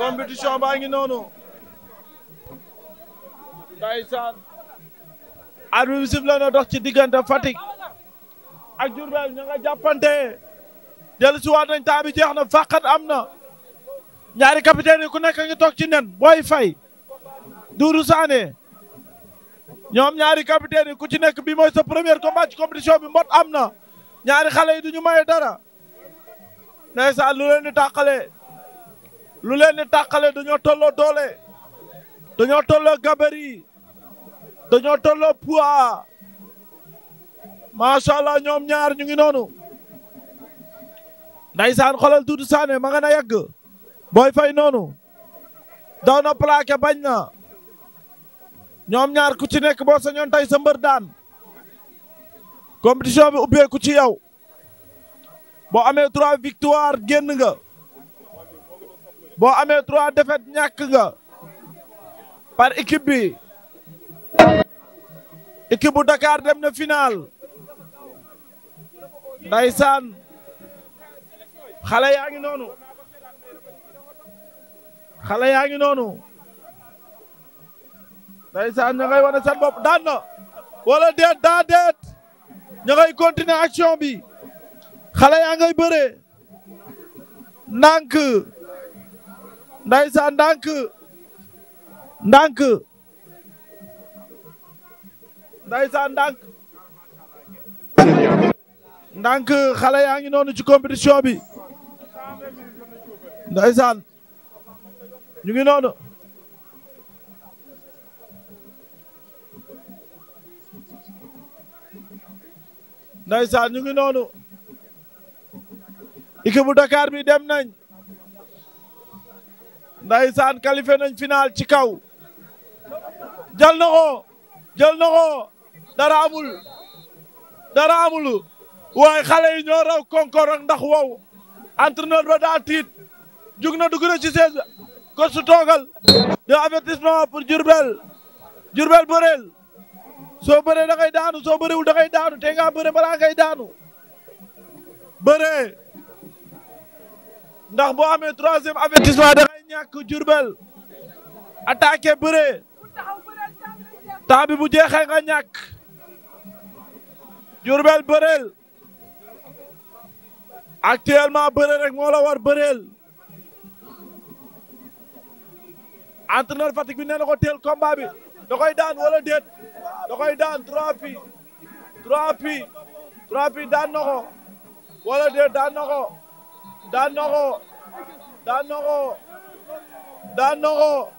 compétition baa ngi noonu ndeysaan arbitre bi sifflé na dox ci diggante Fatick ak Diourbel ñu nga jàppante si waat nañ bi jeex na fàqat am na ñaari capitaine ku nekk ngi toog ci nen booy fay Doudou Sané ñoom ñaari capitaine ku ci nekk bii mooy sa premier combat ci compétition bi mbot am na ñaari xale yi duñu may dara ndeysaan lu leen di tàqale lu leen di tàqale dañoo tolloo doole dañoo tolloo gabarit dañoo tolloo macha allah ñoom ñaar ñu ngi noonu. Ndaysaan xoolal Doudou Sané ma nga na yàgg Boy Faye noonu daw na plaqué bañ na ñoom ñaar ku ci nekk boo sañoon tey sa mbër daan compétition bi ubbeeku ci yow boo amee trois victoire génn nga. boo amee trois défaites ñàkk nga par équipe bi équipe bu dakaar dem na final ndaysaan xale yaa ngi noonu xale yaa ngi noonu ndaysaan ña ngay wane seen bopp daan na wala déet daa déet ña ngay bi xale yaa ngay bëree ndànk ndeysaan ndànk ndànk ndeysaan ndànk ndànk xale yaa ngi noonu ci compétition bi ndeysaan ñu ngi noonu ndeysaan ñu ngi noonu bu Dakar bi dem nañ ndaysaan qualifié nañ final ci kaw jël na ko jël dara amul dara amul waaye xale yi ñoo raw Konkor ndax wow entraîneur ba daa tiit jug na dugg na ci seen ko su toogal de avertissement pour Diourbel Diourbel soo bëree da ngay daanu soo bëreewul da ngay daanu te nga bëree balaa ngay daanu bëree ndax boo amee troisième avertissement da ñàkk Jurbel attaqué bëree temps bu jeexee nga ñàkk Jurbel bëreel actuellement bëre rek moo war bëreel entraîneur Fatick bi nee na ko daan wala déet da daan trois pi trois daan na ko wala daan na daan na daan na daan na ko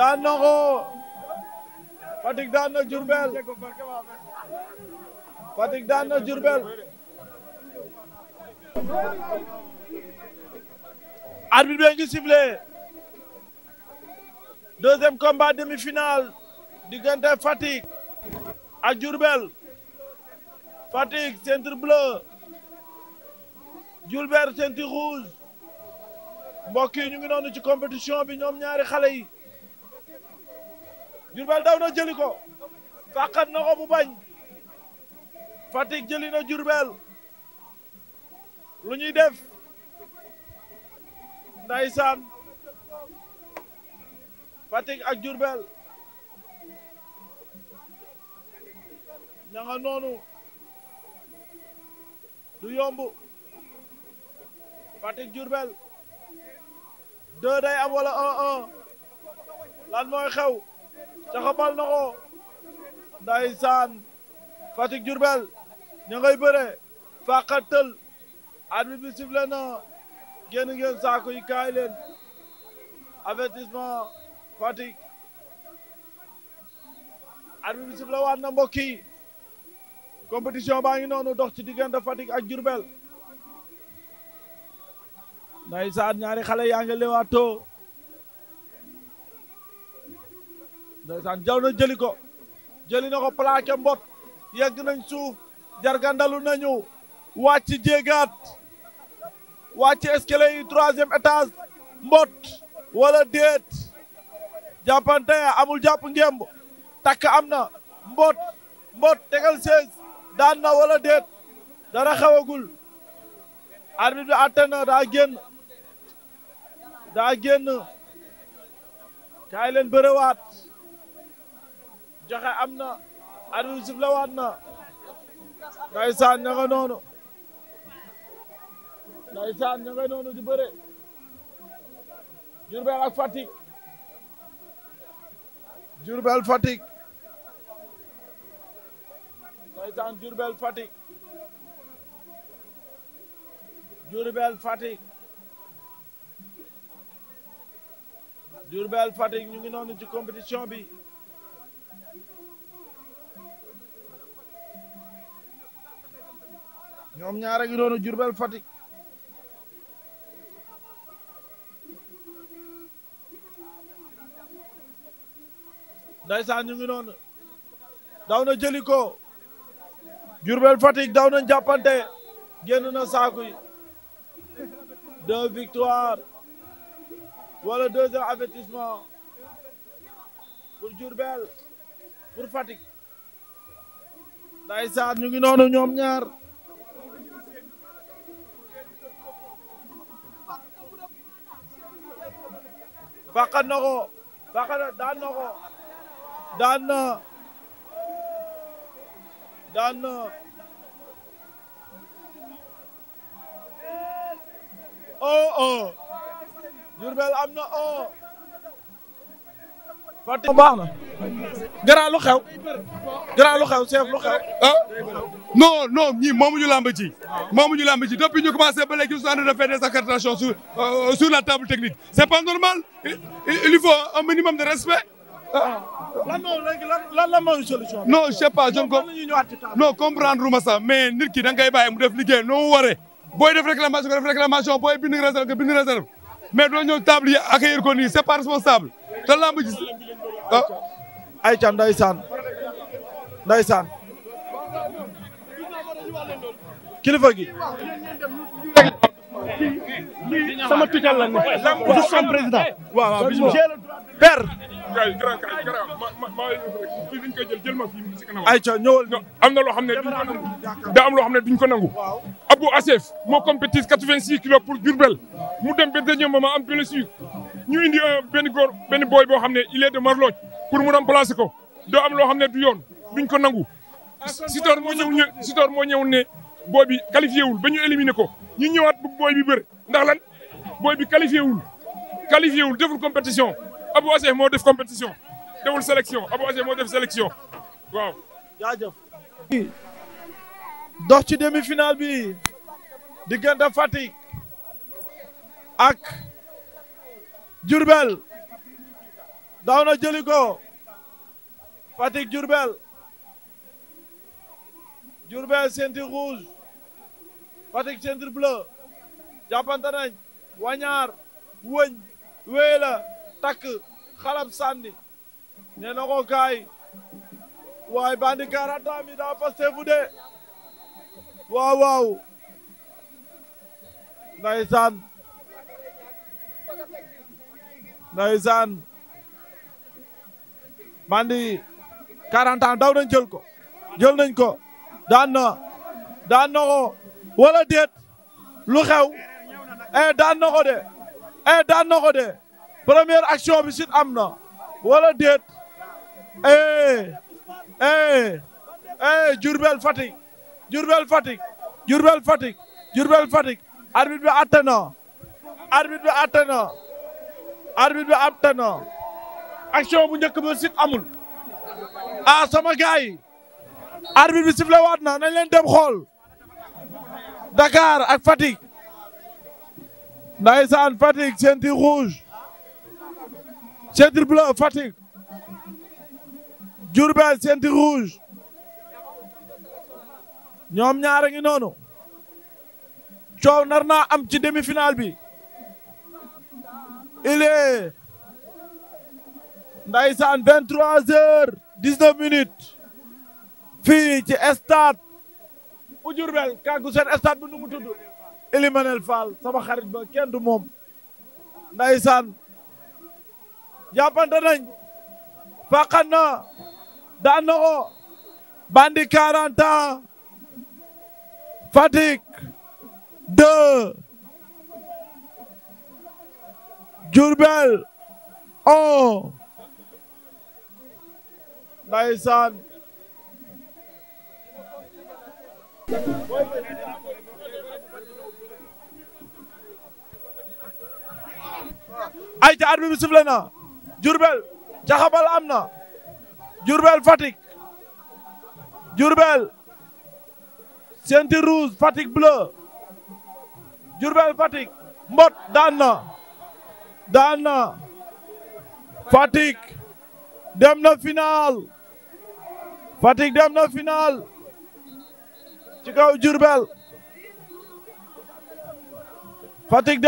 daan na ko Fatick daan na Diourbel Fatick daan na Diourbel arbitre bi ngi sifflé deuxième combat demi-finale diggante Fatick ak Diourbel Fatick centre bleu Diourbel centre rouge mbokk yi ñu ngi noonu ci compétition bi ñoom ñaari xale yi Diourbel daw na jëli ko fàqat na ko bu bañ Fatick jëli na Diourbel lu ñuy def ndaysaan Fatick ak Diourbel ña noonu du yomb Fatick Diourbel deux day am wala un un lan mooy xew caxabal na ko ndeysaan Fatick Diourbel ña ngay bëre fàqatal arbitre bi sifflé na génn ngeen saako yi kaay leen avertissement Fatick arbitre bi sifflé waat na mbokk yi compétition baa ngi noonu dox ci diggante Fatick ak Diourbel ndeysaan ñaari xale yaa ngi lewaatoo ndeysaan jaw na jëli ko jëli na ko plaqué mbot yegg nañ suuf jargandalu nañu wàcc jéegaat wàcc escalier yi troisième étage mbot wala déet jàppante amul jàpp ngemb takk am na mbot mbot tegal sees daan na wala déet dara xewagul arbitre bi àtte na daa génn daa génn kaay leen bërewaat joxe am na arbitre siflewaat na ndaysaan ña nga noonu ndaysaan ña nga noonu di bëre Diourbel ak Fatick Diourbel Fatick ndaysaan Diourbel Fatick Diourbel Fatick Diourbel Fatick ñu ngi noonu ci bi ñoom ñaar a noonu Diourbel Fatick ndaysaan ñu daw na jëli ko Diourbel Fatick daw na jàppante génn na saaku yi deux wala deuxième avertissement pour Diourbel pour Fatick ndeysaan ñu ngi noonu ñoom ñaar baqat na ko daan na daan na daan na oh, oh. Diourbel am na oo. Fatick baax na. Gara lu xew. Gara lu xew chef lu xew. ah non non ñii moomuñu lamb ji. moomuñu lamb ji ñu commencé ba léegi ils sont en train de faire des incantations euh, sur la table technique c'est pas normal il faut un minimum de respect. Ah. lan moo léegi lan lan mooy solution. non je sais pas je ne com non mais nit ki da nga koy bàyyi mu def liggéey noo waree booy def réclamation nga def réclamation booy bind réserve nga bind mais doo ñëw table yi accueillir ko nii c'est pas responsable te lamb ji ah. ayca ndeysaan ndeysaan kilifa gi. sama tucal la ne sama président. waaw waaw bisimilah père. ayca ñëwal am na loo xam ne duñ ko nangu. daa am loo xam ne duñ ko nangu. Abou Assef moo compétit 86 kilos pour Diourbel. mu dem ba dernier moment am blessure ñu indi euh, benn goor benn booy boo xam ne il est de Marlooj pour mu remplacer ko doo am loo xam ne du yoon duñ ko nangu. Sitor moo ñëw ñë moo ñëw ne booy bi qualifié wul ba ñu éliminé ko ñu ñëwaat bu booy bi bër ndax lan booy bi qualifié wul qualifié wul deful compétition Abou Assef moo def compétition deful sélection Abou Assef moo def sélection waaw. jaajëf. dox ci demi-finale bi diggante Fatick. ak jurbel daw na jëli ko Fatick Diourbel Diourbel ceinture rouge Fatick ceinture bleu jàppante nañ wañaar wëñ wéela takk xalab sànni nee na wa kaay waay bandi karata mi de waaw waaw ndeysaan ndeysaan Mandi 40 ans jël ko jël nañ ko daan na daan na ko wala déet lu xew eh daan na ko de eh daan na ko de première action bi sit am na wala déet eh eh eh Diourbel Fatick Diourbel Fatick Diourbel Fatick Diourbel Fatick arbitre bi atte na arbitre bi atte na arbitre bi atte na action bu njëkk ba sit amul ah sama gaay yi arbitre bi sifle waat na nañ leen dem xool dakaar ak Fatick ndaysaan Fatick ceinture rouge ceinture bleu Fatick Diourbel ceinture rouge ñoom ñaar a ngi noonu coow nar naa am ci demi-finale bi calculer ndaysaan vingt trois heures dix neuf minutes fii ci stade bu Diourbel kàggu seen stade bu nu mu tudd sama xarit ba kenn du moom ndaysaan jàppante nañ faqan daan na ko bandi quarante ans deux Diourbel un oh. ndaysaan ay ca arbitre bi sifflé na Diourbel jaxabal am na Diourbel Fatick Diourbel ceinture rouge Fatick bleu Diourbel Fatick mbot daan na daan na finaal dem na final Fatick dem na final ci kaw Diourbel Fatick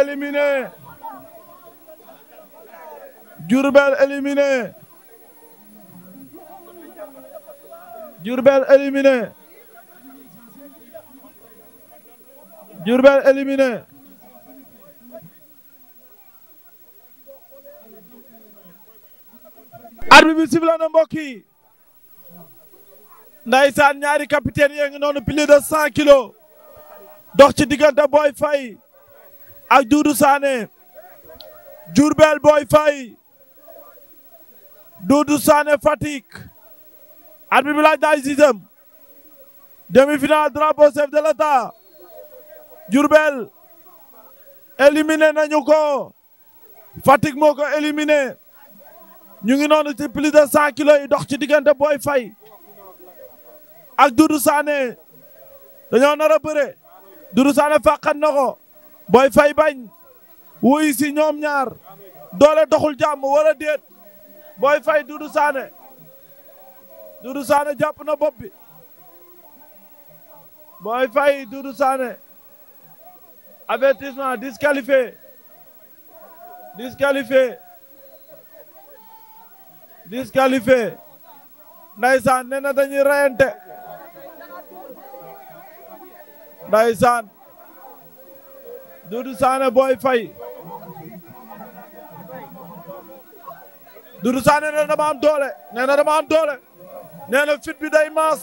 éliminé Diourbel éliminé Diourbel éliminé Diourbel éliminé arbitre bi sifflé na mbokk yi ndaysaan ñaari capitaine yee ngi noonu plus de cent kilos dox ci diggante Boy Faye ak Doudou Sané Diourbel Boy Faye Doudou Sané Fatick arbitre bi laaj na ay sixième demi-finale drapeau chef de l'État Diourbel éliminé nañu ko Fatick moo ko éliminé ñu ngi noonu ci plus de cent kilos yi dox ci diggante Boy fay ak Doudou Sané dañoo nar a bëre Doudou Sané fàqan na ko Boy bañ wuy si ñoom ñaar doole doxul jàmm wara déet Boy Faye Doudou Sané Doudou Sané jàpp na bopp bi Boy Faye Doudou Sané avertissement disqualifié disqualifié disqualifié ndaysaan nee na dañuy reyante ndaysaan Doudou Sané Boy Faye Doudou Sané nee na dama am doole nee na dama am doole nee na fit bi day maas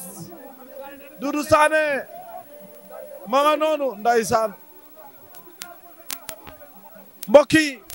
Doudou Sané ma nga noonu ndeysaan mbokk yi